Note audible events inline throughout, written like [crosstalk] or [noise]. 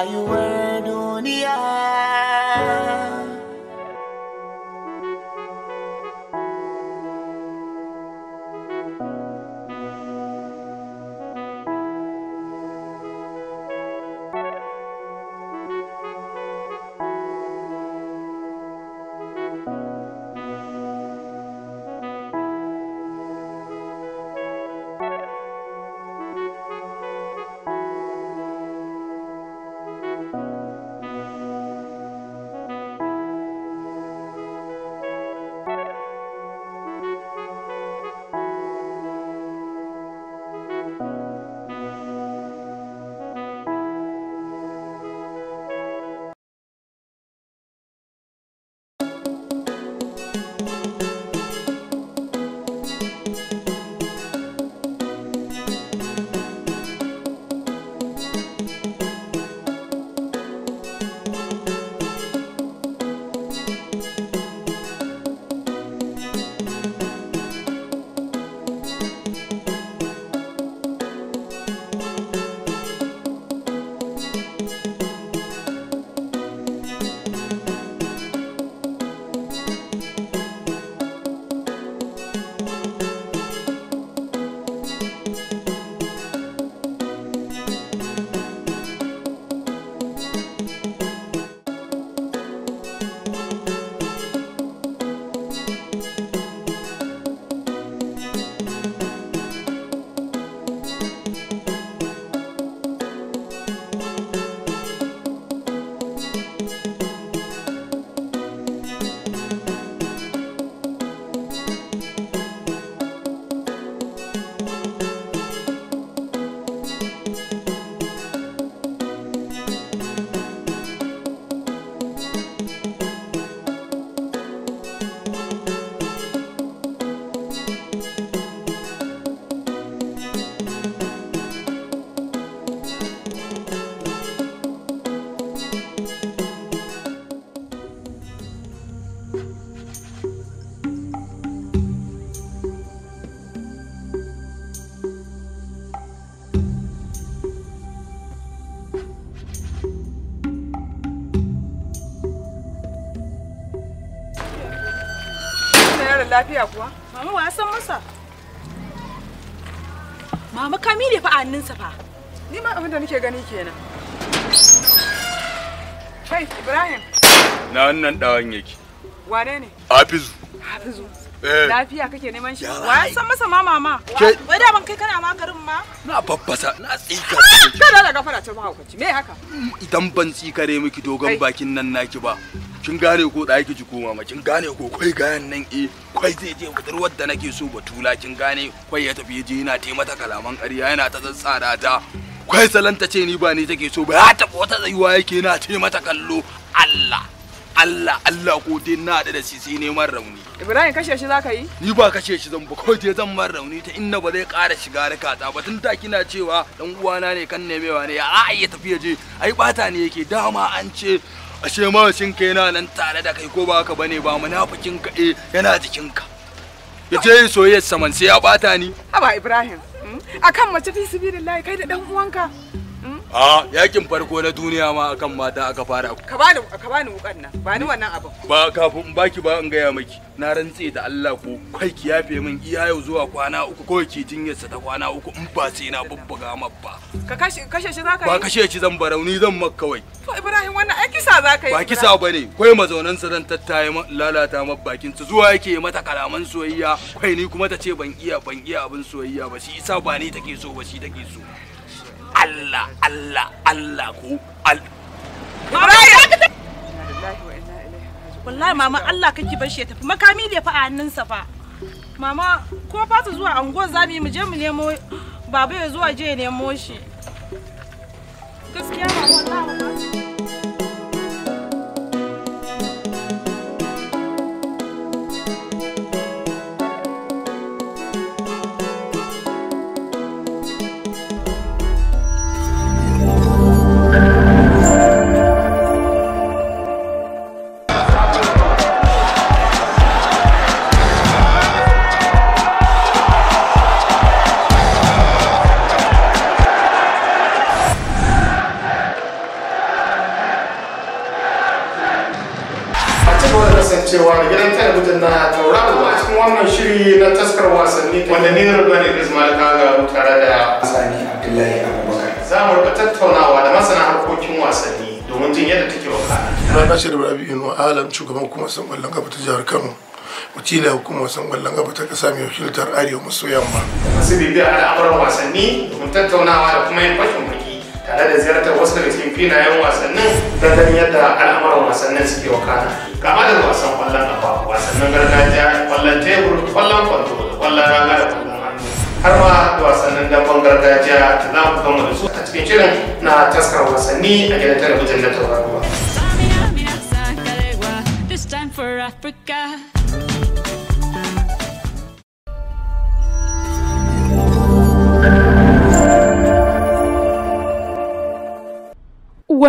are you were. san masa? Mama fa fa. Ni ma abin da nake gani kenan. Ibrahim. Na wannan dawan yake. Wane ne? Hafizu. Hafizu. Eh. lafiya kake neman shi wa san masa ma mama wai da ban kai kana ma garin ma na babbasa na tsika ah, kada da da gafara ta mahaukaci me haka idan ban tsikare miki dogon bakin nan naki ba kin gane ko da yake jiko mama kin gane ko kai gayan nan eh kai zai je budurwar da nake so batula kin gane kai ya tafi je yana taimata kalaman ƙarya yana ta tsantsara ta kai salanta ce ni ba ni take so ba ya taɓa wata tsayuwa yake na taimata kallo Allah Allah Allah ko dai na da da sisi neman rauni Ibrahim kashe shi zaka yi ni ba kashe shi zan ba ko dai zan man rauni ta inna ba zai ƙara shiga rakata ba tun da kina cewa dan uwana ne kan nemewa ne a ya tafi ya je ai bata ne yake dama an ce ashe shin kai na nan tare da kai ko ba ka bane ba munafikin ka eh yana jikin ka ya je soyayya saman sai ya bata ni haba Ibrahim hmm? akan mace fi sibilillahi kai da dan uwanka a yakin farko na duniya ma akan mata aka fara ka bani ka bani wukan nan ba ni wannan abin ba kafin baki ba in gaya maki na rantse da Allah ko kai ki yafe min iya yau zuwa kwana uku ko ki jinyar sa ta kwana uku in ba sai na bubbuga mab ba ka kashe kashe shi zaka yi ba kashe shi zan barauni zan mak kawai to Ibrahim wannan ai kisa zaka yi ba kisa bane kai mazaunan sa zan tattaye lalata mab bakin su zuwa yake mata kalaman soyayya kai ni kuma ta ce ban iya ban iya abin soyayya ba shi isa ba ni take so ba shi take so Allah Allah Allah ku al. Wallahi mama Allah kake bar shi ya tafi makami ne fa a hannunsa fa Mama ko fa ta zuwa anguwar zamu yi mu je mu nemo baba ya zuwa je ya nemo shi Gaskiya mama Allah shugaban kuma san ƙwallon gaba ta jihar kano wakilin hukumar san ƙwallon gaba ta ƙasa mai wakiltar arewa maso yamma masu bibiya al'amuran wasanni domin tattaunawa da kuma yin fashin baki tare da ziyartar wasu daga cikin filayen wasannin don ganin yadda al'amuran wasannin suke wakana kama da wasan ƙwallon gaba wasannin gargajiya ƙwallon tebur ƙwallon kwando ƙwallon raga da ƙwallon har ma da wasannin damben gargajiya da za mu gama da su a cikin shirin na taskar wasanni a gidan talabijin na tauraro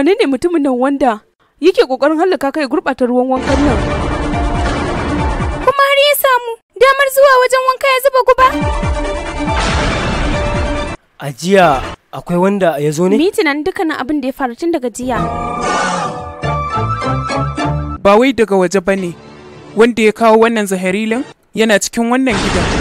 wane ne mutumin nan wanda yake kokarin hallaka kai gurɓata ruwan wankan nan kuma har ya samu damar zuwa wajen wanka ya zuba guba a jiya akwai wanda ya zo ne mitinan dukkanin abin da ya faru tun daga jiya ba wai daga waje bane wanda ya kawo wannan zaharilin yana cikin wannan gidan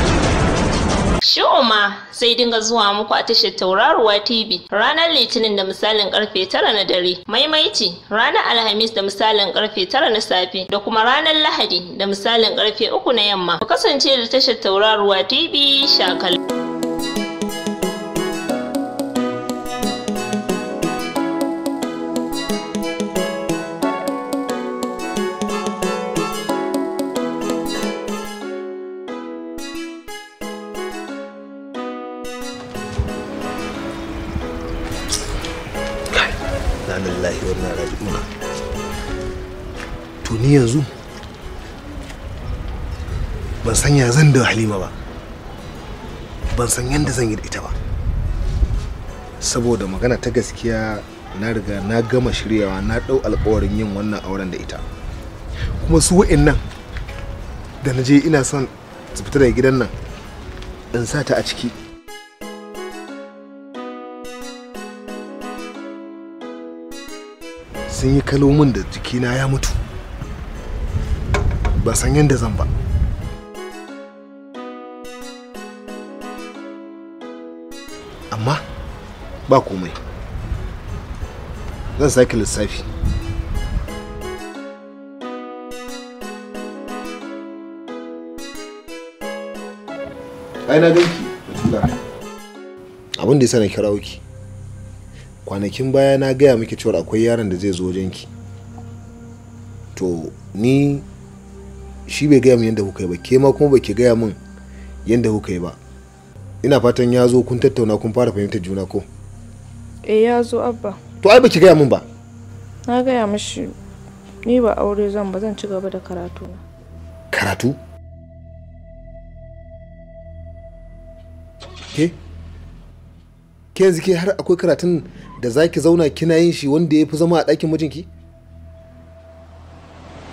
Shoma zai dinga zuwa muku a tashar Tauraruwa TV ranar Litinin da misalin karfe tara na dare, maimaici ranar Alhamis da misalin karfe tara na safe da kuma ranar Lahadi da misalin karfe uku na yamma. Ku kasance da tashar Tauraruwa TV shakal. ni yanzu ban san ya zan da halima ba ban san yadda zan yi da ita ba saboda magana ta gaskiya na riga na gama shiryawa na ɗau alkawarin yin wannan auren da ita kuma su nan da na je ina son su fita daga gidan nan in sa ta a ciki sun yi kalomin da jikina ya mutu ba san yadda zan ba amma ba komai zan sake lissafi ai na ganki abin da ya sani kira ki kwanakin baya na gaya miki cewa akwai yaron da zai zo wajenki to ni shi bai gaya min yadda kuka yi ba ke ma kuma ke gaya min yadda kuka yi ba ina fatan ya zo kun tattauna kun fara fahimtar juna ko eh ya zo abba to ai baki gaya min ba na gaya mishi ni ba aure zan ba zan ci gaba da karatu na karatu ke ke yanzu ke har akwai karatun da zaki zauna kina yin shi wanda ya fi zama a ɗakin mijinki?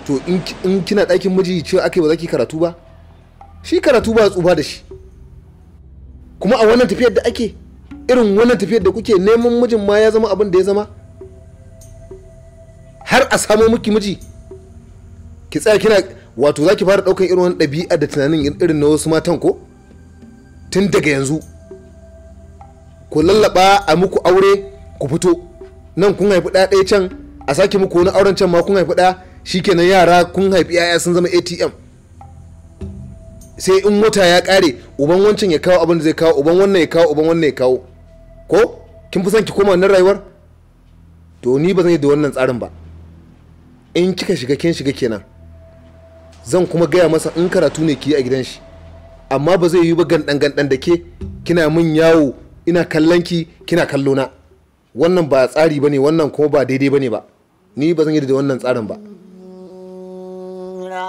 to in kina ɗakin miji cewa aka ba za ki karatu ba shi karatu ba tsufa da shi kuma a wannan tafiyar da ake irin wannan tafiyar da kuke neman mijin ma ya zama abin da ya zama har a samo miki miji ki tsaya kina wato zaki fara ɗaukan irin wani ɗabi'a da tunanin irin na wasu matan ko tun daga yanzu ku lallaba a muku aure ku fito nan kun haifi ɗaya ɗaya can a sake muku wani auren can ma kun haifi ɗaya shikenan yara kun haifi yaya sun zama atm sai in wata ya kare uban wancan ya kawo abin da zai kawo uban wannan ya kawo uban wannan ya kawo ko kin fi son ki koma wannan rayuwar to ni ba zan yi da wannan tsarin ba in kika shiga kin shiga kenan zan kuma gaya masa in karatu ne ki a gidan shi amma ba zai yi ba gandan gandan da ke kina min yawo ina kallon ki kina kallo na wannan ba tsari bane wannan kuma ba daidai bane ba ni ba zan yi da wannan tsarin ba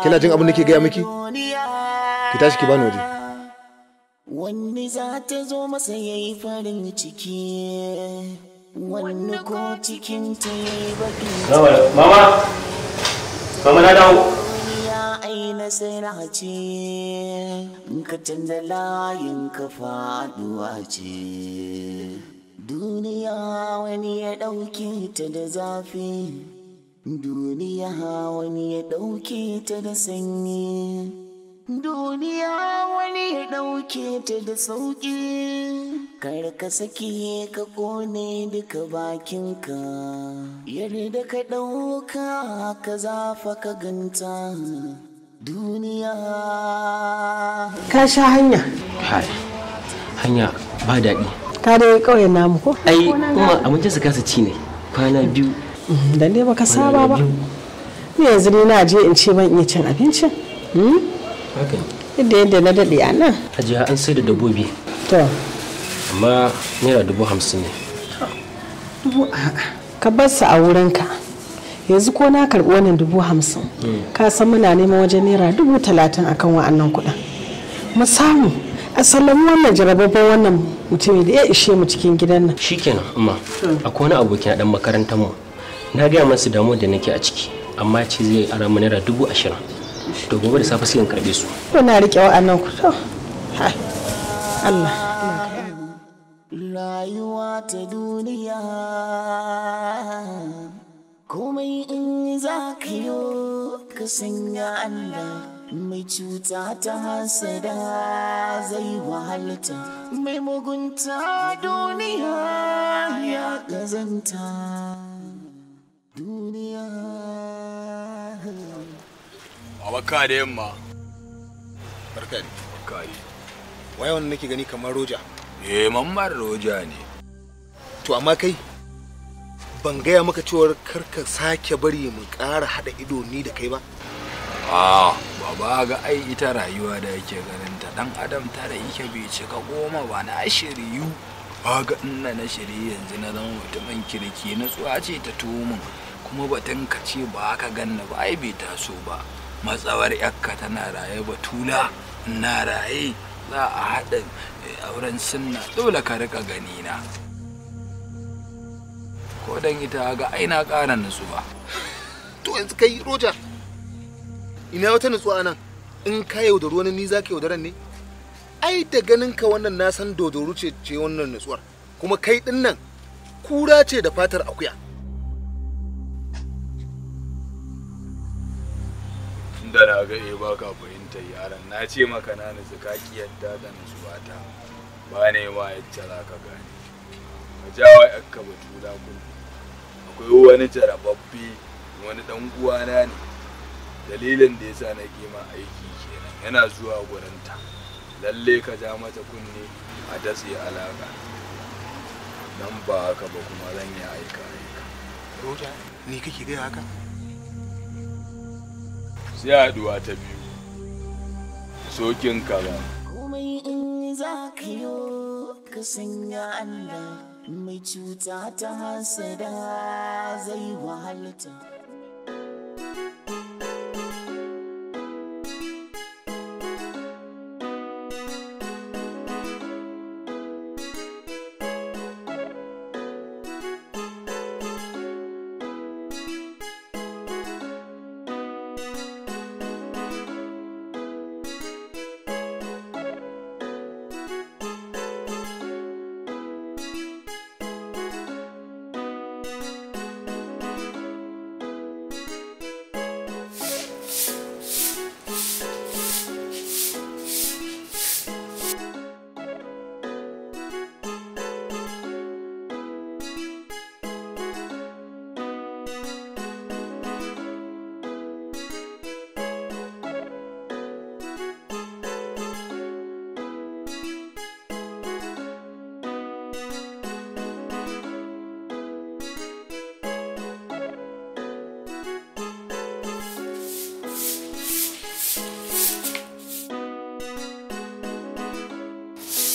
kina jin abin da ke gaya miki ki tashi ki bani waje wani za ta zo masa ya yi farin ciki wani ko cikin ta yi baki mama mama na dawo aina sai ce ka canza layin ka faduwa ce duniya wani ya ɗauke ta da zafi duniya wani ya ɗauke ta da sanyi duniya wani ya ɗauke ta da sauƙi kar ka saki ka kone duka bakinka Yadda ka ɗauka ka zafa ka ganta duniya ka sha hanya hanya ba daɗi Ta dai ƙauyen namu ko ai kuma a su kasa ci ne kwana biyu dan dai baka saba ba ni yanzu ni na je in ce ban iya cin abincin hmm? yadda yadda na dade a nan a an sai da dabobi to amma naira dubu hamsin ne ka bar su a wurinka yanzu ko na karɓi wannan dubu hamsin hmm. ka san muna neman wajen naira dubu talatin akan wa'annan kuɗin mu samu a asalin wannan jarababban wannan mutumin da ya ishe mu cikin gidan nan shikenan amma hmm. akwai wani abokin dan makarantar mu na gaya masu damu da nake a ciki amma ce zai ara mu naira dubu ashirin to gobe da safe sai in karbe su kuna rike annan ku to Allah rayuwa ta duniya komai in za ka yi ka sanya Allah mai cuta ta hasada zai wahalta mai mugunta duniya ya ƙazanta. duniya abaka da yamma barka ne barka ne nake gani kamar roja eh mamman roja ne to amma kai ban gaya maka cewar karka sake bari mu ƙara haɗa ido ni da kai ba ba ba ga ai ita rayuwa da yake ganin ta dan adam tara yake bai cika goma ba na shiriyu ba ga ina na shiri yanzu na zama mutumin kirki na tsuwa ce ta tumin kuma batun ka ce ba ka ganna ba ai bai taso ba matsawar yakka tana raye batula na raye za a haɗa eh, auren sunna dole ka rika gani na ko dan ita ga aina na ƙara nutsuwa to yanzu kai roja ina wata nutsuwa nan in ka da wani ni za ka yaudaran ne ai da ganin ka wannan na san dodoru ce ce wannan nutsuwar kuma kai din nan kura ce da fatar akuya da na ga eh ba ka fahimtar yaran na ce maka na nutsu ka kiyarta da ba ta ba ne ma ya za ka gane ka jawa yakka batula kullum akwai wani jarababbe wani dan uwana ne dalilin da yasa na ma aiki kenan yana zuwa ta lalle ka ja mata kunne a datse alaka nan ba haka ba kuma zan yi aika aika ni kake gaya haka sai haɗuwa ta biyu sokin kaza komai in za ka yi ka sanya Allah mai cuta ta hasada zai wahalta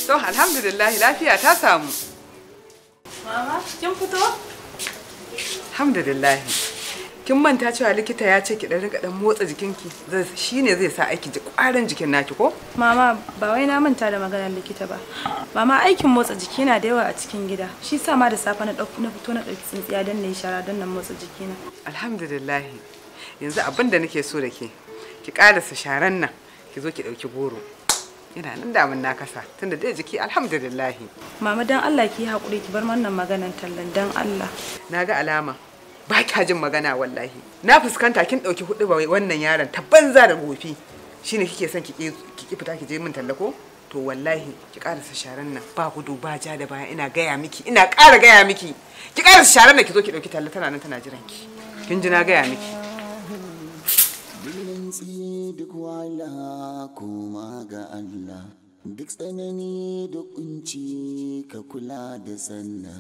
To alhamdulillah lafiya ta samu. Mama, kin fito? Alhamdulillah. Kin manta cewa likita ya ce ki dan rika dan motsa jikinki shine zai sa aiki ji kwarin jikin naki ko? Mama, ba wai na manta da maganar likita ba. Mama, aikin motsa jiki na da yawa a cikin gida. Shi sa ma da safe na na fito na dauki tsintsiya dan nayi shara dan nan motsa jikina. Alhamdulillah. Yanzu abinda nake so da ke. Ki karasa sharan nan. Ki zo ki dauki goro. ina nan damun na kasa tunda dai jiki alhamdulillah mama dan Allah ki hakuri ki bar wannan maganan tallan dan Allah na ga alama ba kya jin magana wallahi na fuskanta kin dauki hudu ba wannan yaron ta banza da gofi shine kike son ki ki fita ki je min tallako to wallahi ki karasa sharan nan ba gudu ba ja da baya ina gaya miki ina ƙara gaya miki ki karasa sharan nan ki zo ki dauki talla tana nan tana jiran ki kin ji na gaya miki hantsi duk wala kuma ga Allah duk tsanani da kunci ka kula da sanna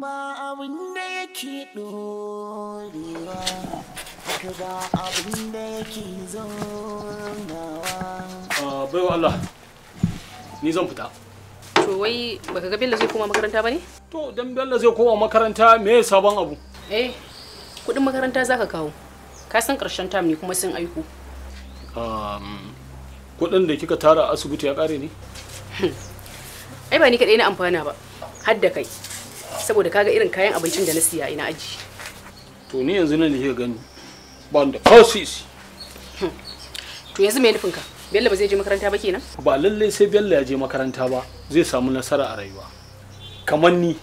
ba abin da yake dorewa ka ba abin da yake zaunawa a ah, baiwa Allah ni zan fita to wai baka ga Bello zai koma makaranta ba ne to dan Bello zai koma makaranta me sabon abu eh kudin makaranta zaka kawo ka san karshen tam ne kuma sun aiko um, kudin da kika tara a asibiti ya ƙare ne [laughs] ai ba ni kaɗai na amfana ba har da kai saboda kaga irin kayan abincin da na siya ina aji to ni yanzu nan lihe gani ba da kosis [laughs] to yanzu me nufinka ka bello ba zai je makaranta ba kenan ba lalle sai bello ya je makaranta ba zai samu nasara a rayuwa kamar ni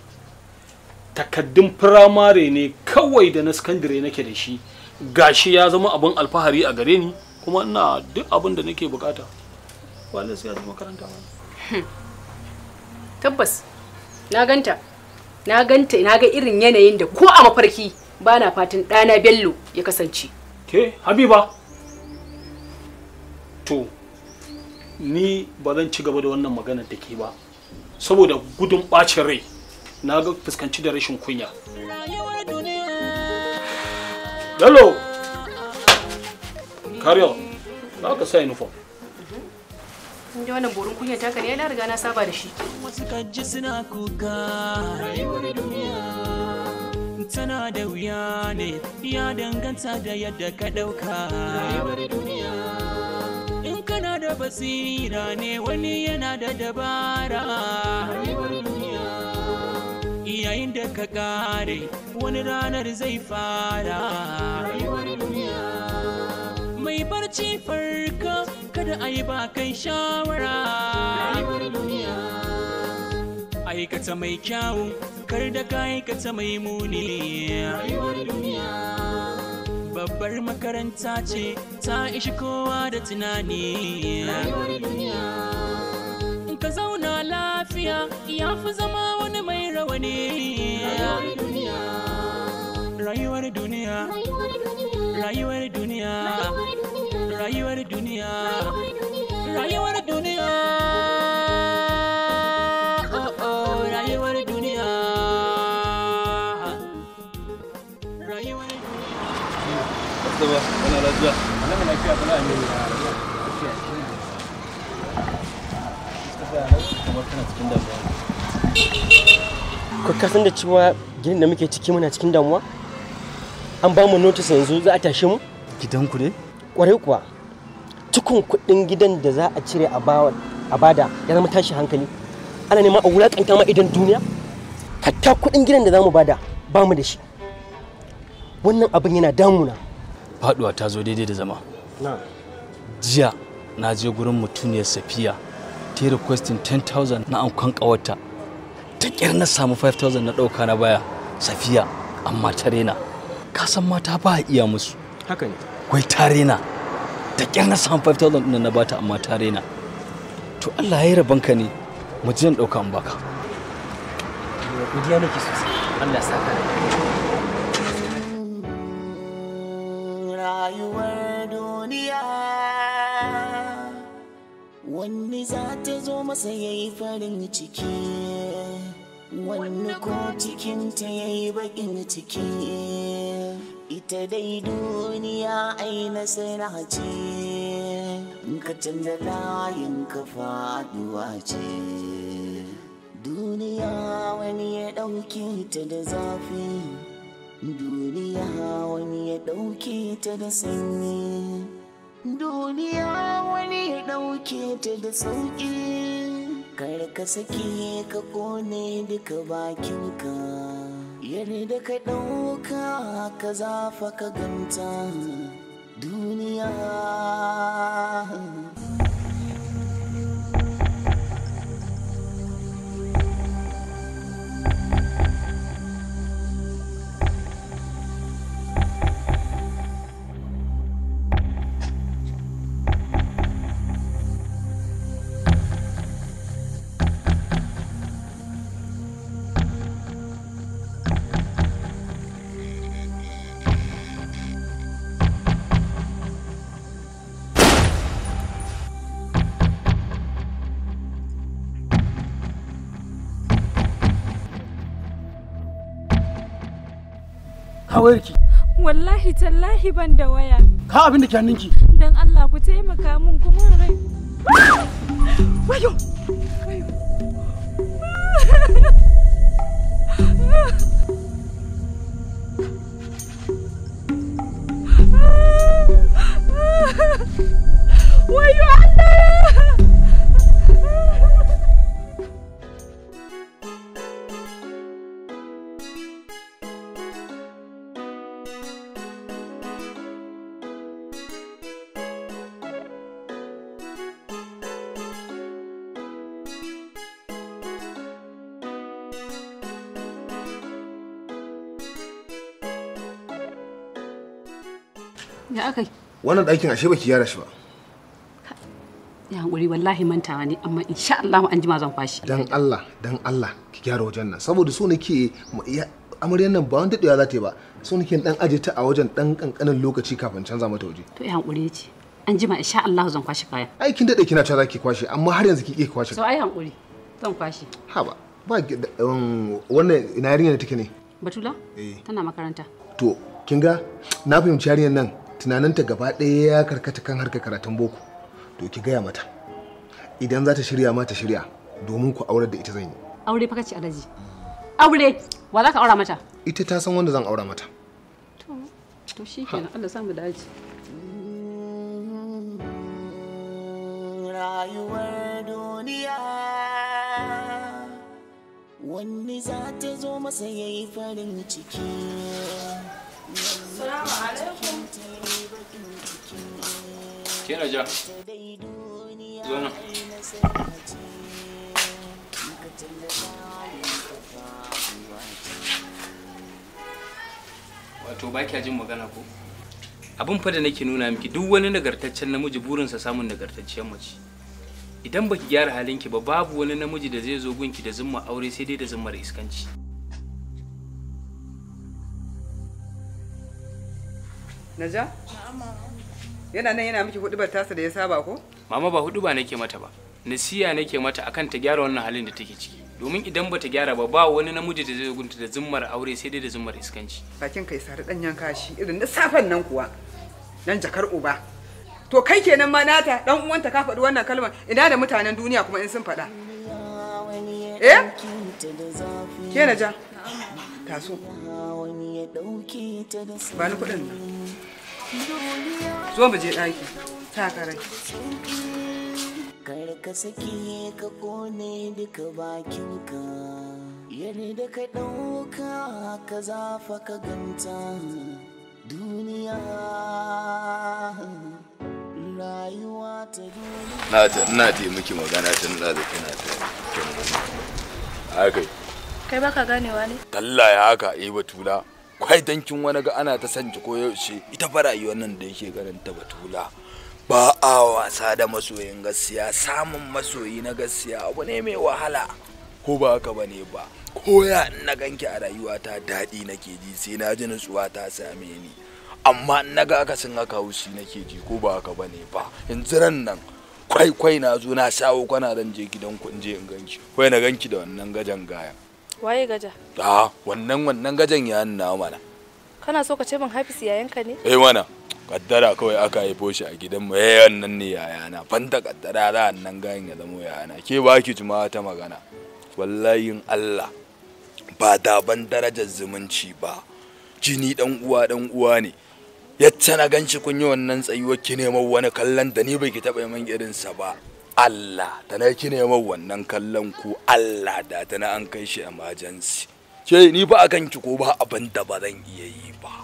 takaddun firamare ne kawai da na sakandare nake da shi gashi ya zama abin alfahari a gare ni kuma ina duk abin da nake bukata wale sai ya zama karanta hmm. tabbas na ganta na ganta na ga irin yanayin da ko a mafarki ba na fatan ɗana bello ya kasance ke habiba to ni ba zan ci gaba da wannan magana da ba saboda gudun bacin rai na ga fuskanci da rashin kunya Bello! karyo ba ka sa uniform. Inda wannan borin taka ne, na riga shi. Wasu suna kuka Tana da wuya ne, ya danganta da yadda ka ɗauka In kana da basira ne, wani yana da dabara yayin da ka kare wani ranar zai fara mai barci farka kada a yi ba kai shawara aikata mai kyawu kar da ka aikata mai muni babbar makaranta ce ta ishi kowa da tunani ka zauna lafiya ya fi zama wani mai rawani rayuwar duniya rayuwar duniya rayuwar duniya rayuwar duniya oh, oh, rayuwar duniya rayuwar duniya ku kasan da cewa gidan da muke ciki muna cikin damuwa an ba mu notice yanzu za a tashi mu gidanku ne kwarai kuwa cikin kudin gidan da za a cire a bada ya zama tashi hankali ana neman a wulakanta ma idan duniya hatta kudin gidan da za mu bada ba mu da shi wannan abin yana damuna faduwa ta zo daidai da zama jiya na je gurin mutuniyar safiya ta yi requestin 10,000 na ankon ƙawarta ta kyar na samu 5,000 na ɗauka na baya safiya amma ta rena ka san mata ba a iya musu haka ne wai ta rena ta kyar na samu 5,000 ɗin na bata amma ta rena to Allah ya yi rabon ka ne mu ji je ɗauka in baka godiya nake sosai Allah ya saka rayuwar duniya wani za ta zo masa ya yi farin ciki wani ko cikinta ya yi baƙin ciki ita dai duniya ai nasara ce ka canza layin ka faduwa ce duniya wani ya ɗauke ta da zafi duniya wani ya ɗauke ta da sanyi duniya wani ya ɗauke ta da sauƙi kar ka sake ka ƙone duka bakinka yarda ka ɗauka ka zafa ka gamta duniya wayarki? Wallahi tallahi ban da waya. Ka abin da ke hannunki? Don Allah ku taimaka min kuma rai. Wayo! Ya aka yi? Wannan ɗakin ashe baki gyara shi ba. Ya hankuri wallahi mantawa ne amma insha Allah an jima zan kwashi. Dan Allah, dan Allah ki gyara wajen nan saboda so nake amaryar nan ba wani daɗewa za ta yi ba so nake dan aje ta a wajen dan kankanin lokaci kafin canza mata waje. To ya hankuri ce. An jima insha Allah zan kwashi kaya. Ai kin daɗe kina cewa za ki kwashe amma har yanzu ki iya kwashe. So ai hankuri zan kwashe. Ha ba. Ba um, wannan ina yarinya ne take ne? Batula? Eh. Tana makaranta. To kin ga na fahimci yarinyar nan tunaninta gaba ɗaya ya karkata kan harkar karatun boko to ki gaya mata idan za ta shirya ma ta shirya domin ku aurar da ita zan yi aure fa kace alaji aure wa za ka aura mata ita ta san wanda zan aura mata to to shikenan Allah samu dace rayuwar duniya wani za ta zo masa yayi farin ciki ¿Quién alaikum. Wato ba kya jin magana ko? Abin fa da nake nuna miki duk wani nagartaccen namiji burinsa samun nagartacciyar mace. Idan baki gyara halinki ba babu wani namiji da zai zo gunki da zumma aure sai dai da zummar iskanci. Naja? Yana nan yana miki hudubar tasa da ya saba ko? Mama ba huduba nake mata ba. Nasiya nake mata akan ta gyara wannan halin da take ciki. Domin idan ba ta gyara ba ba wani namiji da zai gunta da zummar aure sai dai da zummar iskanci. Bakin kai sare dan yanka shi irin na safan nan kuwa. Dan jakar uba. To kai kenan ma nata dan uwanta ka faɗi wannan kalmar ina da mutanen duniya kuma in sun faɗa. Eh? Ke na ja? taso ba ni kudin zo mu je daki ta karai kar ka saki ka kone duka bakin ka bakinka da ka dauka ka zafa ka ganta duniya rayuwa ta duniya na ta miki magana tun da kina ta kyan haka kai baka ganewa ne Allah ya haka eh batula kwai dankin wani ga ana ta sanci ko yaushe ita fa rayuwar nan da yake ganin ta batula ba a wasa da masoyin gaskiya samun masoyi na gaskiya abu ne mai wahala ko ba haka ba ne ba ko ya na ganki a rayuwata daɗi nake ji sai na ji nutsuwa ta same ni amma na ga sun haka haushi nake ji ko ba haka ba ba yanzu ran nan kwai kwai na zo na shawo kwana zan je gidan ku in in ganki kwai na ganki da wannan gajan gayan waye gaja a wannan wannan gajan ya na mana kana so ka ce min hafis yayanka ne eh mana kaddara kawai aka haifo shi a gidanmu eh wannan ne yayana fanta kaddara za a nan gayan ya zamo yayana ke ba ki juma ta magana wallahi Allah ba da ban darajar zumunci ba jini dan uwa dan uwa ne yacce na ganci kun yi wannan tsayuwar ki neman wani kallon da ni bai ki taɓa yi man irinsa ba Allah da na kine ma wannan kallon ku Allah da ta na an kai shi emergency ce ni ba akan ki ko ba abin da ba zan iya yi ba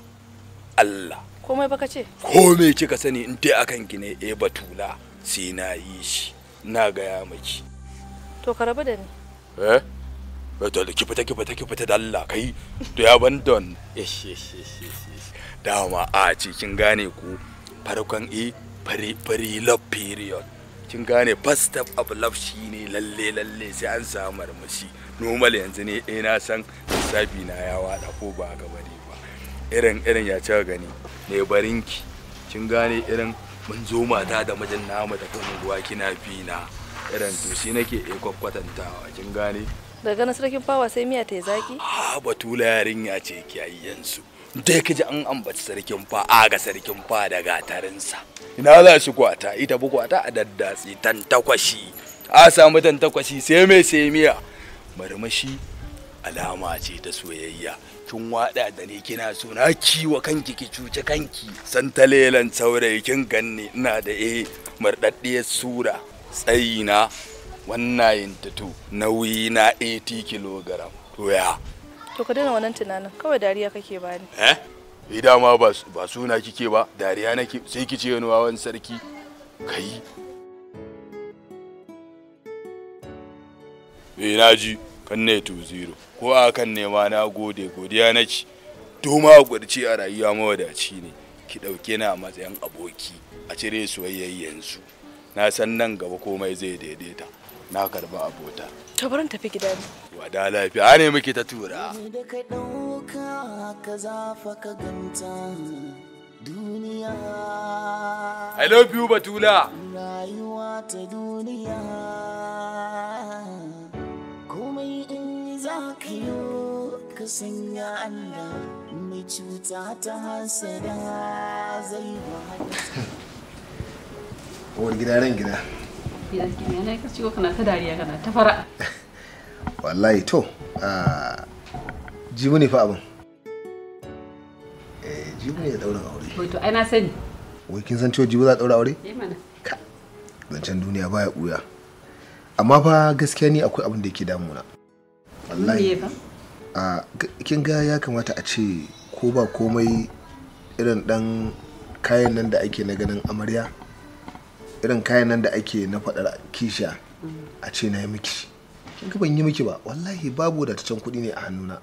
Allah komai baka ce komai kika sani in dai akan ki ne eh batula sai na yi shi na ga ya miki to ka rabu da ni eh, eh to ki fita ki fita ki fita da Allah kai to ya ban don [laughs] dama a cikin gane ku farkon e fari fari love period kin gane first step of love shine lalle lalle sai an samu marmashi normal yanzu ne eh na san lissafi na ya wada ko ba ga bari ba irin irin ya ci gani ne barinki kin gane irin mun zo mata da mijin namu da kan ruwa kina fina irin to shi nake eh kwakwatantawa kin gane daga na sarkin fawa sai miya ta zaki ah batula yarinya ce kiyayi yanzu da ji an ambaci sarkin fa a ga sarkin fa da gatarinsa ina za shi kwata ita bu kwata a daddatsi tan takwashi a samu tan takwashi sai mai sai miya marmashi alama ce ta soyayya kin wada da ni kina so na kiwa kanki ki cuce kanki san saurayi kin ganni ina da eh mardaddiyar sura tsayina wannan yin nauyi na 80 kilogram to ya To ka daina wannan tunanin kawai dariya kake ba ni. Eh? da ma ba suna kike ba dariya nake sai kice wani wawan sarki kai. Eh na ji kan ne zero ko a kan ne ma na gode godiya nake. to ma gurci a rayuwa mawadaci ne ki ɗauke na matsayin aboki a cire soyayyen yanzu. Na san nan gaba komai zai daidaita na karba abota. to barin tafi gida wada lafiya ne muke ta tura da ka ɗauka ka zafa ka ganta duniya i love you batula rayuwa ta duniya komai in za ka yi ka sanya allah mai cuta ta hasada zai wahala gida gida gidan kimiyya na ka ciwo ta dariya ta fara wallahi to ah, jibu ne fa abin eh mu ne ya daura aure to ai na sani wai kin san cewa jibu za daura aure eh mana zancen duniya baya buya amma fa gaskiya ni akwai abin da yake damuna wallahi a ah, kin ga ya kamata a ce ko ba komai irin dan kayan nan da ake na ganin amarya irin kayan nan da ake na faɗar kisha a ce na yi miki kin ga ban yi miki ba wallahi babu da can kuɗi ne a hannuna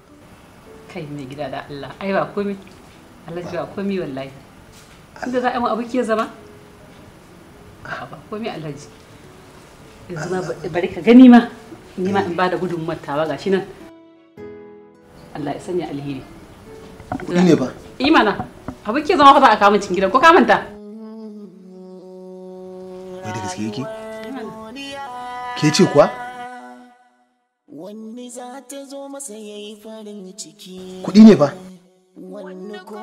kai ne gida da Allah ai ba komai Allah ji ba komai wallahi inda za a yi abu ke zama ba komai Allah ji yanzu ma bari ka gani ma ni ma in bada gudunmuwar tawa gashi nan Allah ya sanya alheri kuɗi ne ba imana abu ke zama ba za a kawo gidan ko ka manta gaske yake ke ce kuwa kuɗi ne ba wani ko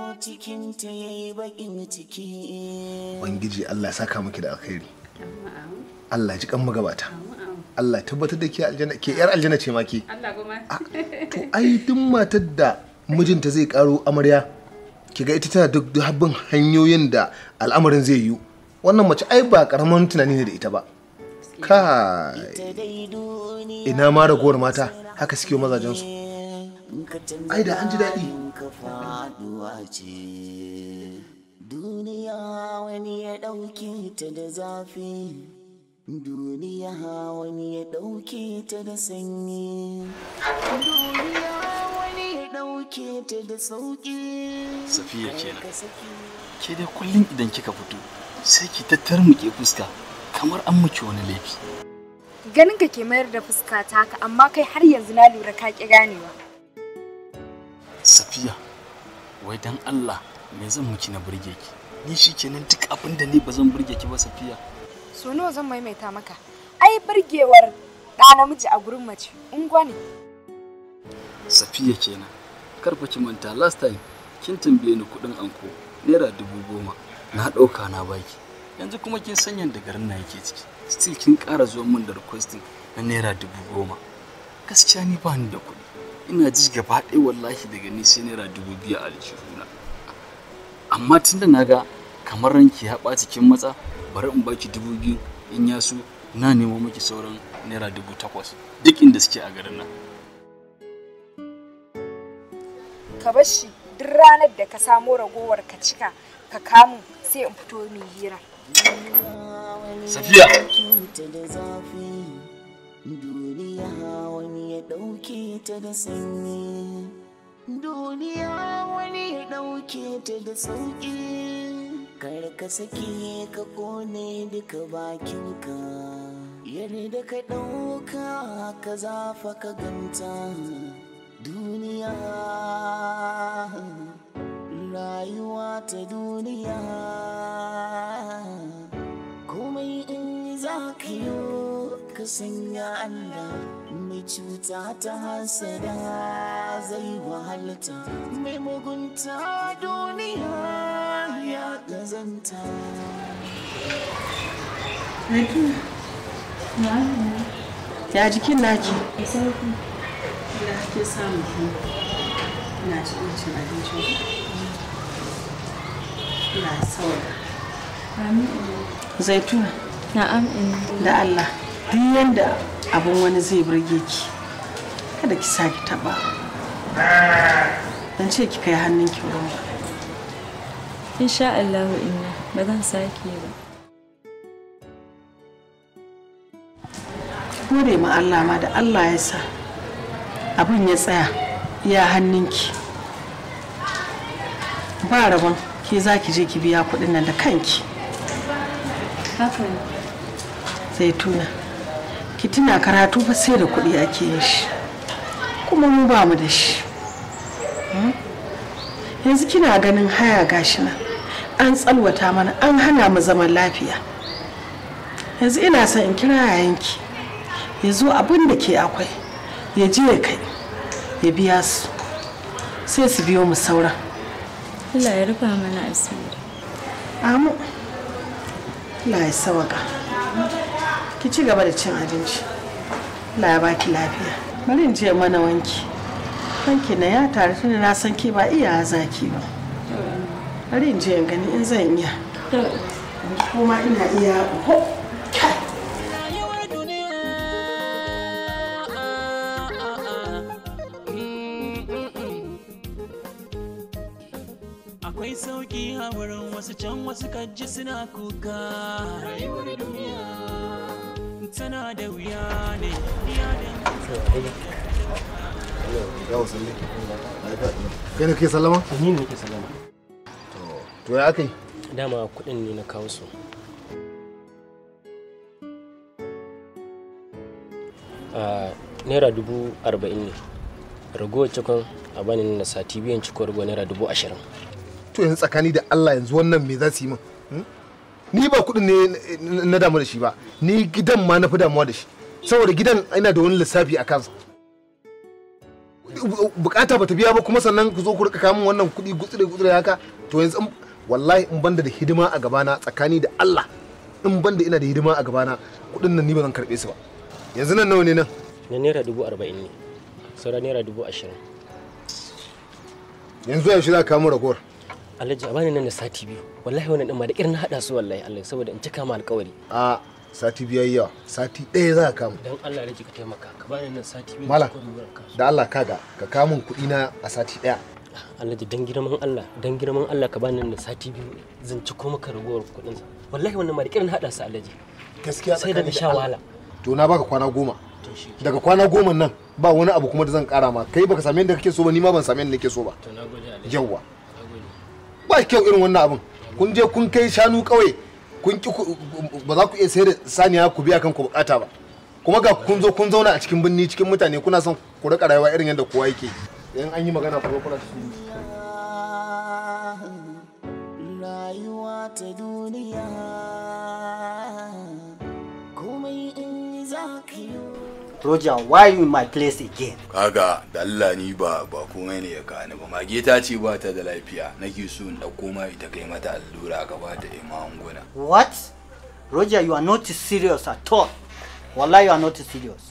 Allah saka miki da alkhairi Allah ji kan magabata Allah tabbatar da ke ke yar aljanna ce maki Allah kuma to ai duk matar da mijinta zai karo amarya ga ita tana duk habbin hanyoyin da al'amarin zai yiwu wannan mace ai ba karamin tunani ne da ita ba kai ina ma ragowar mata haka suke su. ai da an ji daɗi duniya wani ya ɗauke ta da zafi duniya wani ya ɗauke ta da sanyi duniya wani ya ɗauke ta da sauƙi safiya kenan ke dai kullum idan kika fito sai ki tattar muke fuska kamar an muke wani laifi ganin ka ke mayar da fuska ta ka amma kai har yanzu na lura ka ki ganewa safiya wai dan Allah me zan miki na burge ki ni shi kenan duk abin da ni ba zan burge ki ba safiya so nawa zan maimaita maka ai burgewar ɗa namiji a gurin mace in ne safiya kenan karfa ki manta last time kin tambaye ni kuɗin anko naira dubu goma na ɗauka na baki yanzu kuma kin san yadda garin na yake ciki still kin ƙara zuwa min da requesting na naira dubu goma gaskiya ni ba ni da kuɗi ina ji gaba ɗaya wallahi daga ni sai naira dubu biyu a aljihuna amma tunda da na ga kamar ranki ya ɓaci cikin matsa bari in baki dubu biyu in ya su na nemo miki sauran naira dubu takwas duk inda suke a garin na. ka bar duk ranar da ka samo ragowar ka cika ka kamu sai in fito mai hira safiya duniya wani ya ɗauke ta da sanyi duniya wani ya ɗauke ta da sauƙi kar ka sake ka ƙone duka bakinka yarda ka ɗauka ka zafa ka gamta duniya rayuwa ta duniya komai in za ka yi ka sanya Allah mai cuta ta hasada zai wahalta mai mugunta duniya ya gazanta ya jikin naki ya ke samu na cikin cin abincin zaitun ya zaituna na'am da Allah duk yanda abun wani zai burge ki kada ki sake taba dan ce ki kai hannun ki wurin ba insha Allah inna ba zan sake ba gode ma Allah ma da Allah ya sa abin ya tsaya ya hannunki ba rabon ke za ki je ki biya kuɗin nan da kanki sai tuna ki tuna karatu fa sai da kudi ake yin shi kuma mu ba mu da shi hmm? yanzu kina ganin haya gashi nan an tsalwata mana an hana mu zaman lafiya yanzu ina son in kira yayanki ya zo abin da ke akwai ya je ya kai ya biya su sai su biyo mu sauran Allah ya rufa mana asiri amu Allah ya sawaka ki ci gaba da cin abinci Allah ya baki lafiya bari in je mana wanki wanki na ya tare tun na san ki ba iya zaki ba bari in je in gani in zan iya kuma ina iya wurin wasu can wasu kaji suna kuka rayuwar duniya tana da wuya ne ya kai ne ke sallama? ni ne ke sallama to ya kai yi? dama kudin ne na kawo su naira dubu arba'in ne ragowar cikon abanin na sati biyan cikon naira dubu ashirin to yanzu tsakani da Allah yanzu wannan me za su yi min hmm? ni ba kuɗin ne na damu da shi ba ni gidan ma na fi damuwa da shi saboda gidan ina da wani lissafi a kansa bukata bata biya ba kuma sannan ku zo ku rika kamun wannan kuɗi gutsire gutsire haka to yanzu wallahi in banda da hidima a gabana tsakani da Allah in banda ina da hidima a gabana kuɗin nan ni ba zan karbe su ba yanzu nan nawa ne nan na naira dubu arba'in ne saura naira dubu ashirin yanzu yaushe za ka kamo ragowar alhaji a bani nan da sati biyu wallahi wannan din ma da irin na hada su wallahi Allah saboda in cika ma alƙawari a sati biyu yawa sati ɗaya za ka kama dan Allah rage ka taimaka ka bani nan sati biyu mala da Allah kaga ka kamun kuɗi na a sati ɗaya alhaji dan girman Allah dan girman Allah ka bani nan da sati biyu zan ci ko maka ragowar kuɗin sa wallahi wannan ma da irin hada su alhaji gaskiya sai da sha wala. to na baka kwana goma daga kwana goma nan ba wani abu kuma da zan kara ma kai baka same da kake so ba ni ma ban same da nake so ba to na gode alhaji yawa ba kyau irin wannan abin kun je kun kai shanu kawai kun ki ba za ku iya sayar da saniya ku biya ku bukata ba kuma ga kun zo kun zauna a cikin binni cikin mutane kuna son ku rika rayuwa irin yadda kowa yake idan an yi magana kuma kuna su rayuwa ta duniya komai in za ka yi Roger, why you in my place again? Kaga, da Allah ni ba ba komai ne ya kani ba. Mage ta ce ba ta da lafiya. Nake so in dauko ma ita kai mata allura ka da ta magunguna. What? Roger, you are not serious at all. Wallahi you are not serious.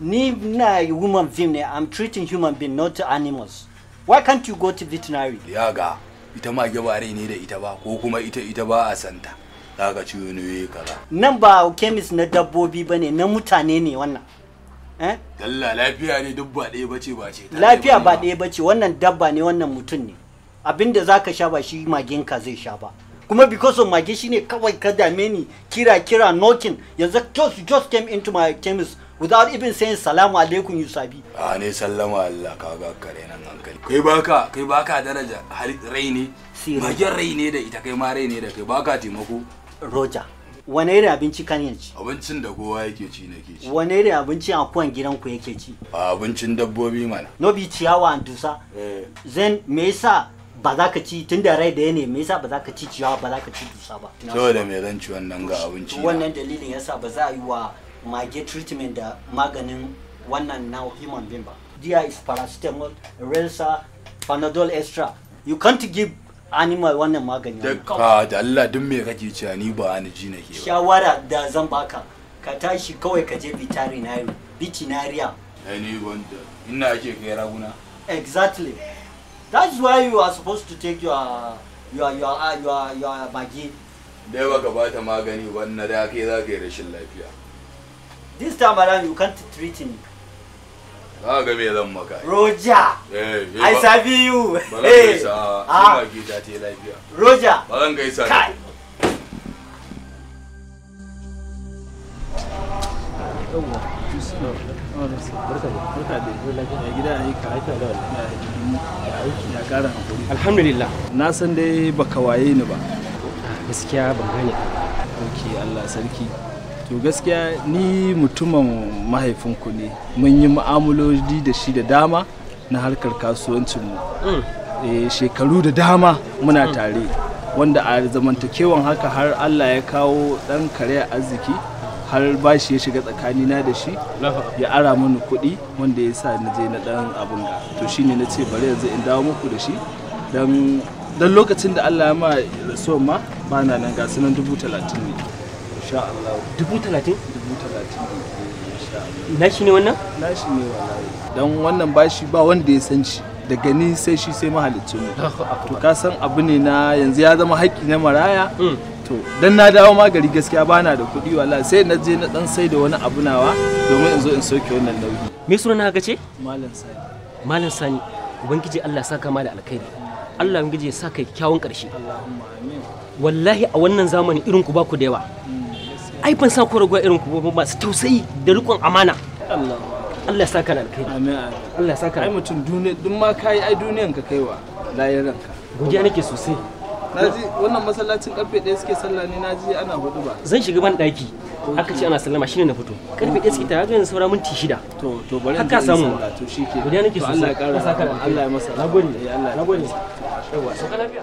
Ni na human being ne, I'm treating human being not animals. Why can't you go to veterinary? Yaga, ita ma gyabare ne da ita ba ko kuma ita ita ba a santa. Zaka ciwo ne kaza. Nan ba chemist na dabbobi bane, na mutane ne wannan. Eh? Allah lafiya ne duk ba ɗaya bace ba ce. Lafiya ba ɗaya bace wannan dabba ne wannan mutum ne. Abinda za ka sha ba shi maginka zai sha ba. Kuma because of mage shine kawai ka dame ni kira kira knocking yanzu just just came into my chemist without even saying salamu alaikum yusabi. A ah, ne sallama Allah ka ga kare nan hankali. Kai baka kai baka daraja har rai ne. Magen rai ne da ita kai ma rai ne da kai baka taimako. Roger. wane irin abinci kan yin ci abincin da kowa yake ci nake ci wane irin abinci a gidan gidanku yake ci abincin dabbobi mana no bi ciyawa an dusa zan eh. me yasa ba za ka ci tun da rai da ya ne me yasa ba za ka ci ciyawa ba za ka ci dusa ba saboda me zan ci wannan ga abinci wannan dalilin yasa ba za a yi wa mage treatment da maganin wannan na human being ba dia is paracetamol relsa panadol extra you can't give animal wannan magani ka da Allah duk me kake cewa ni ba ni ji nake shawara da zan baka ka tashi kawai ka je veterinary na riya. ni wanda ina ake kai raguna exactly that's why you are supposed to take your your your uh, your your bagi da ka bata magani wannan da kai za ka yi rashin lafiya this time around you can't treat me. Ka ga me zan maka. Roja. Eh, eh, I serve you. gaisa. Ah, gida ta lafiya. Roja. Ba gaisa. Kai. alhamdulillah na san dai bakawaye waye ni ba ah, gaskiya ban gane ok allah sarki to gaskiya ni mutumin mahaifinku ne mun yi mu'amaloli da shi da dama na harkar kasuwancin kasuwancinmu mm. eh, shekaru da dama muna mm. tare wanda a zamantakewan haka har allah ya kawo ɗan kare arziki har ba shi ya shiga tsakanina da shi ya ara mini kuɗi wanda ya sa na je na ɗan abin ga to shine na ce bari yanzu in dawo muku da shi don lokacin da allah ya ma rasuwan ma ba na nan ga sunan dubu talatin ne insha Allah dubu talatin dubu talatin na shi ne wannan na shi ne wannan dan wannan bashi ba wanda ya san shi da gani sai shi sai mahalicci mu to ka san abu ne na yanzu ya zama haƙƙi na maraya mm. to dan na dawo ma gari gaskiya na da kuɗi wala sai na je na dan sai da wani abu nawa domin in zo in soke wannan nauyi me suna ka ce malam sani malam sani ubangiji Allah ya saka ma da alkhairi Allah ubangiji ya saka kyawun ƙarshe wallahi a wannan zamani irin ku ba ku da yawa ai ban sa ku ragwa irin ku ba masu tausayi da rikon amana Allah Allah ya saka da alkhairi amin Allah ya saka ai mutum duniya duk ma kai ai duniyan ka kaiwa layin ranka godiya nake sosai naji wannan masallacin karfe 1 suke sallah ne naji ana hudu ba zan shiga ban daki aka ce ana sallama shine na fito karfe 1 suke ta yanzu saura minti 6 to to bari haka samu to shike godiya nake sosai Allah ya kara Allah ya masa nagode eh, Allah nagode yawa sai lafiya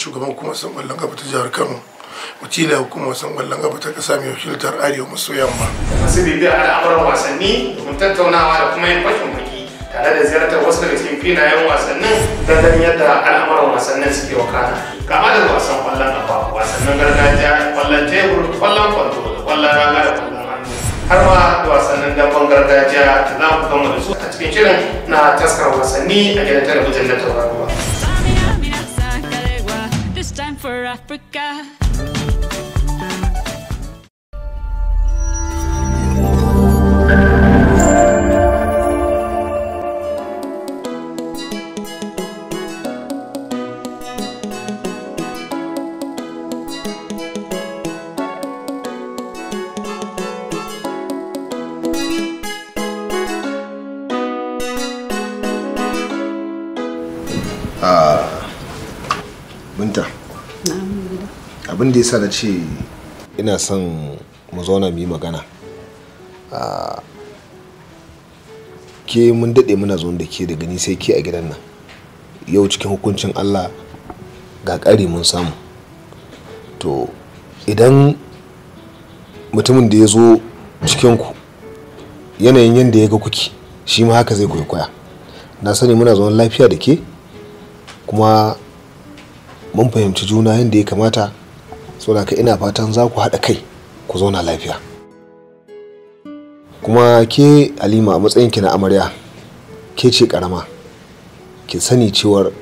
shugaban kuma san kwallon gaba ta jihar Kano wakila hukumar san kwallon gaba ta kasa mai wakiltar arewa maso yamma. Masu da al'amuran wasanni domin tattaunawa da kuma yin fashin baki tare da ziyartar wasu daga cikin filayen wasannin don ganin yadda al'amuran wasannin suke wakana. Kama da wasan kwallon gaba, wasannin gargajiya, kwallon tebur, kwallon kwallo, da kwallon raga da kwallon hannu. Har ma da wasannin dabban gargajiya da za mu gama da su a cikin shirin na taskar wasanni a gidan talabijin na taurari. abin da yasa na ce ina son mu zauna mu yi magana ah, ke mun daɗe muna zuwan da ke da gani sai ke a gidan nan yau cikin hukuncin allah ga ƙari mun samu to idan mutumin da ya zo cikinku yanayin yadda ya ga kuki shi ma haka zai kwaikwaya na sani muna zaman lafiya da ke kuma mun fahimci juna yadda ya kamata so da ina fatan za ku haɗa kai ku zauna lafiya kuma ke alima a matsayinki na amarya ke ce karama ki sani cewar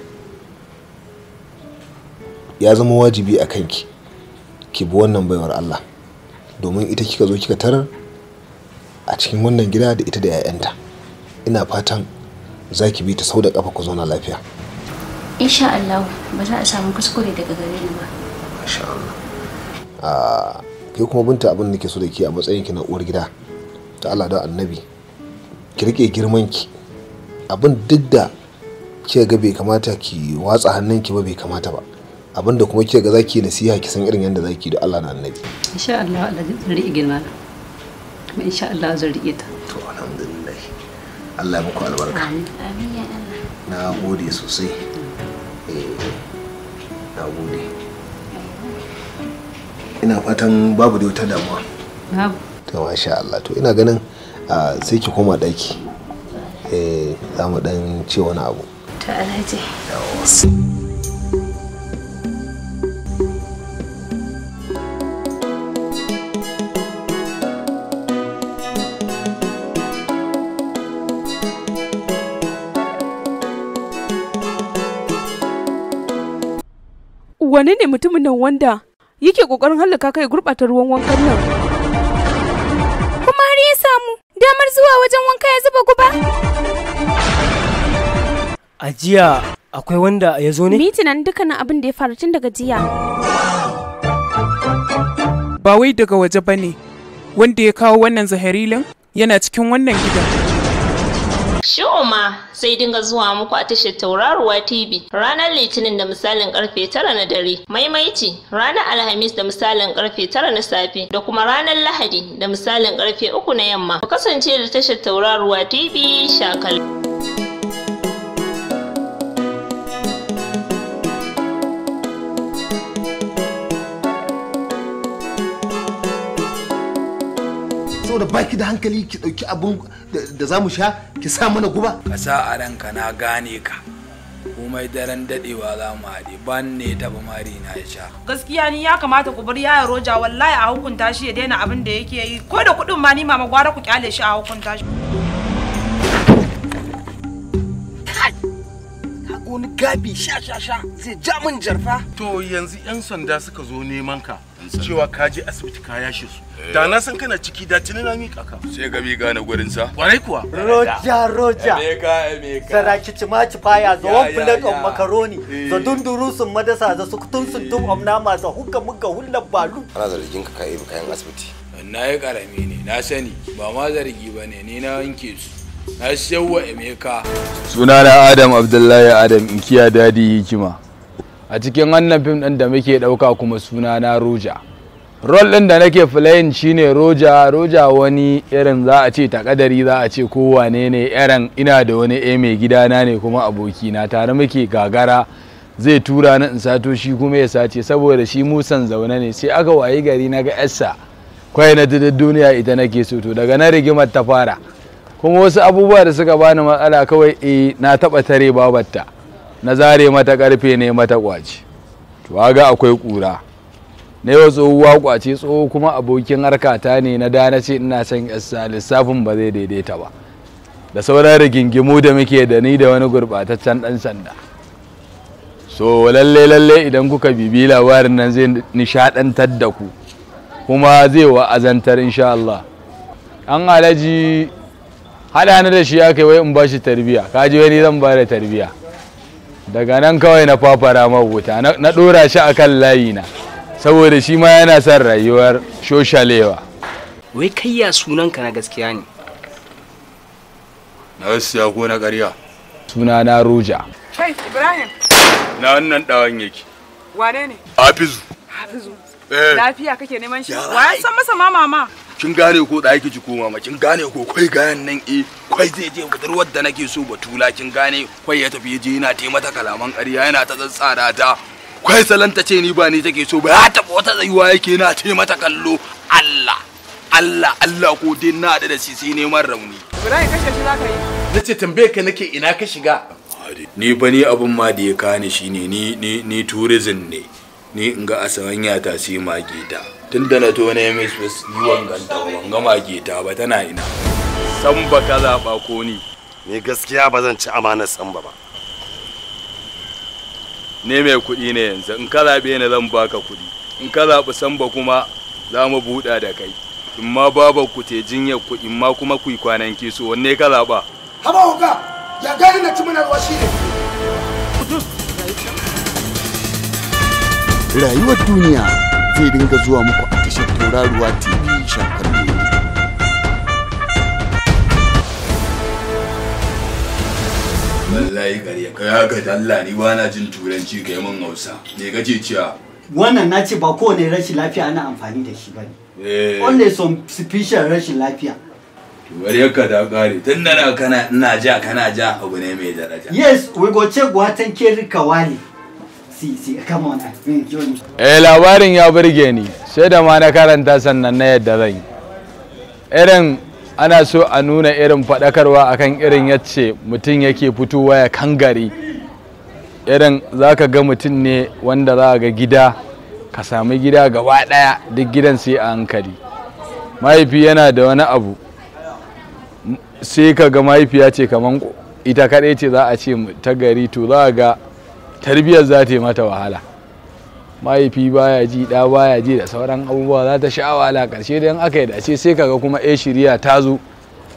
ya zama wajibi a kanki ki bi wannan baiwar allah domin ita kika zo kika tarar a cikin wannan gida da ita da 'ya'yanta ina fatan za ki bi ta sau da kafa ku zauna lafiya insha Allah ba za a samu kuskure daga gare ni ba insha Allah ke kuma binta abin da ke so da ke a matsayin ki na uwar gida ta Allah da annabi ki rike girman ki abin duk da kika ga bai kamata ki watsa hannun ki ba bai kamata ba abin da kuma kika ga zaki nasiha ki san irin yadda zaki da Allah da annabi insha Allah Allah zai rike girma kuma insha Allah zai rike ta to alhamdulillah Allah ya muku albarka amin amin ya Allah na gode sosai eh na gode ina fatan babu da wata damuwa babu to masha Allah to ina ganin sai ki koma daki eh za mu dan ce wani abu to alhaji Wane ne mutumin nan wanda yake kokarin hallaka kai gurbata ruwan wankan nan kuma har ya samu damar zuwa wajen wanka ya zuba guba a jiya akwai wanda ya zo ne mitinan dukkanin abin da ya faru tun daga jiya ba wai daga waje bane wanda ya kawo wannan zaharilin yana cikin wannan gidan Shoma zai dinga zuwa muku a tashar Tauraruwa TV ranar Litinin da misalin karfe tara na dare, maimaici ranar Alhamis da misalin karfe tara na safe da kuma ranar Lahadi da misalin karfe uku na yamma. Ku kasance da tashar Tauraruwa TV shakal. saboda baki da hankali ki dauki abun da za mu sha ki sa mana guba ka sa a ranka na gane ka komai daren dadewa za mu haɗe ban ne taba mari na ya sha gaskiya ni ya kamata ku bar yaya roja wallahi a hukunta shi ya daina abin da yake yi ko da kuɗin ma ni mama gwara ku kyale shi a hukunta shi wani gabi sha sha sha zai ja min jarfa to yanzu yan sanda suka zo neman ka cewa ka je asibiti ka yashe su eh. da na san kana ciki da tuni na miƙa ka sai ga bi gane gurin sa kwarai kuwa roja roja emeka eh, emeka eh, saraki cimaci faya zo wan plate of macaroni zo dunduru sun madasa zo sukutun sun dum amna ma zo hukka muka hullar balu ana zargin ka kai kayan asibiti na yi karami ne na sani ba ma zargi ba ne ni na yanke su na shewa emeka sunana adam abdullahi adam inkiya dadi hikima a cikin wannan fim ɗin da muke ɗauka kuma suna na roja rol ɗin da nake filayin shine roja roja wani irin za a ce takadari za a ce kowane ne irin ina da wani a eh, mai gidana ne kuma abokina tare muke gagara zai tura ni in sato shi kuma ya sace saboda shi musan zaune ne sai aka wayi gari na ga yarsa kwai na duk duniya ita nake so to daga na rigimar ta fara kuma wasu abubuwa da suka bani matsala kawai eh na taɓa tare babatta na zare mata karfe ne mata kwaci to ga akwai kura na yau tsohuwa kwaci tsoho kuma abokin harkata ne na da na ce ina son yasa lissafin ba zai daidaita ba da sauran rigingimu da muke da ni da wani gurɓataccen ɗan sanda so lalle lalle idan kuka bibi labarin nan zai nishaɗantar da ku kuma zai wa'azantar insha Allah an alaji hada ni da shi aka yi wai in ba shi tarbiya kaji wani zan ba da tarbiya daga nan kawai na fafara mabuta na ɗora shi a kan layina saboda shi ma yana son rayuwar shoshalewa wai kayya ka na gaskiya ne na gaskiya ko na ƙarya suna na roja kai ibrahim na wannan ɗawan yake wane ne hafizu hafizu eh. lafiya kake neman shi wa san masa ma mama kin gane ko da yake ji ko mama kin gane ko kai gayan nan eh kai zai je budurwar da nake so batula kin gane kai ya tafi je yana te mata kalaman ƙarya yana ta tsatsara ta kai salanta ce ni ba ni take so ba ya taɓa wata tsayuwa yake yana te mata kallo Allah Allah Allah ko din na da sisi neman rauni Ibrahim kashe shi zaka yi nace tambaye ka nake ina ka shiga ni ba ni abun ma da ya kani shine ni ni tourism ne ni in ga asawanya ta sai mage ta tun da na tona ya mai yi wangan ta wanga mage ta ba tana ina san ba ka zaɓa ko ni ni gaskiya ba zan ci amanar san ba ba ne mai kuɗi ne yanzu in ka zaɓe ni zan baka kuɗi in ka zaɓi san ba kuma za mu buɗa da kai in ma baba ku te jinyar ku in ma kuma ku yi kwanan kiso wanne ka zaɓa haba hukka ya gani na ci mana ruwa shi ne rayuwar duniya zai dinga zuwa muku a tashar tauraruwa tv shakar wallahi gare ka ya ga Allah ni ba na jin turanci ga yamin hausa me kace cewa wannan na ce ba kowane rashin lafiya ana amfani da shi bane eh. only some special rashin lafiya Wari ka da gari tun da kana ina ja kana ja abu ne mai daraja yes we go check watan ke rika wali Eh. eh labarin ya burge ni sai da ma na karanta sannan na yadda zan yi. Irin ana so a nuna irin faɗakarwa akan irin yace mutum yake fitowa ya kangare. Irin za ka ga mutum ne wanda za ga gida ka sami gida gaba ɗaya duk gidan sai a hankali. Mahaifi yana da wani abu sai ka ga mahaifiya ce kamar ita kaɗai ce za a ce ta gari to za ga tarbiyyar za ta yi mata wahala mahaifi baya ji ɗa baya ji da sauran abubuwa za ta sha wahala ƙarshe da aka yi dace sai kaga kuma a eh, shirya ta zo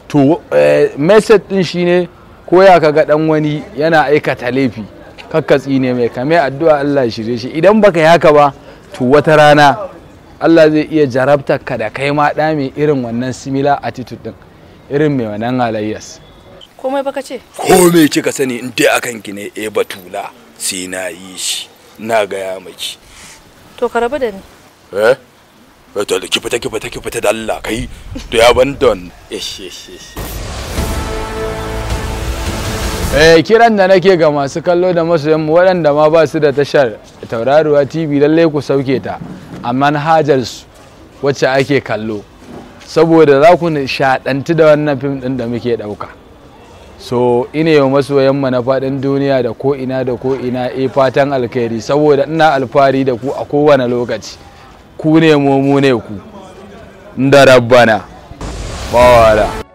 to eh, message din shine ko ya kaga dan wani yana aikata laifi kakkatsi ne mai kame addu'a Allah shirye shi idan baka yi haka ba to wata rana Allah zai iya jarabta ka da kai ma ɗa mai irin wannan similar attitude din irin mai wannan halayyas komai baka ce komai kika sani in dai akan ki ne e batula sai na yi shi na gaya maki to ka rabu da ni eh, eh to ki fita ki fita ki fita da Allah kai to ya ban don Eh kiran da nake ga masu kallo da masoyan mu waɗanda ma ba su da tashar tauraruwa TV lallai ku sauke ta a manhajar su wacce ake kallo saboda za ku nishaɗantu da wannan fim ɗin da muke ɗauka. so ine yau masoyan mu na faɗin duniya da ko ina da ko ina e fatan alkhairi saboda ina alfahari da ku a kowane lokaci ku ne mu mu ne ku da rabbana bawala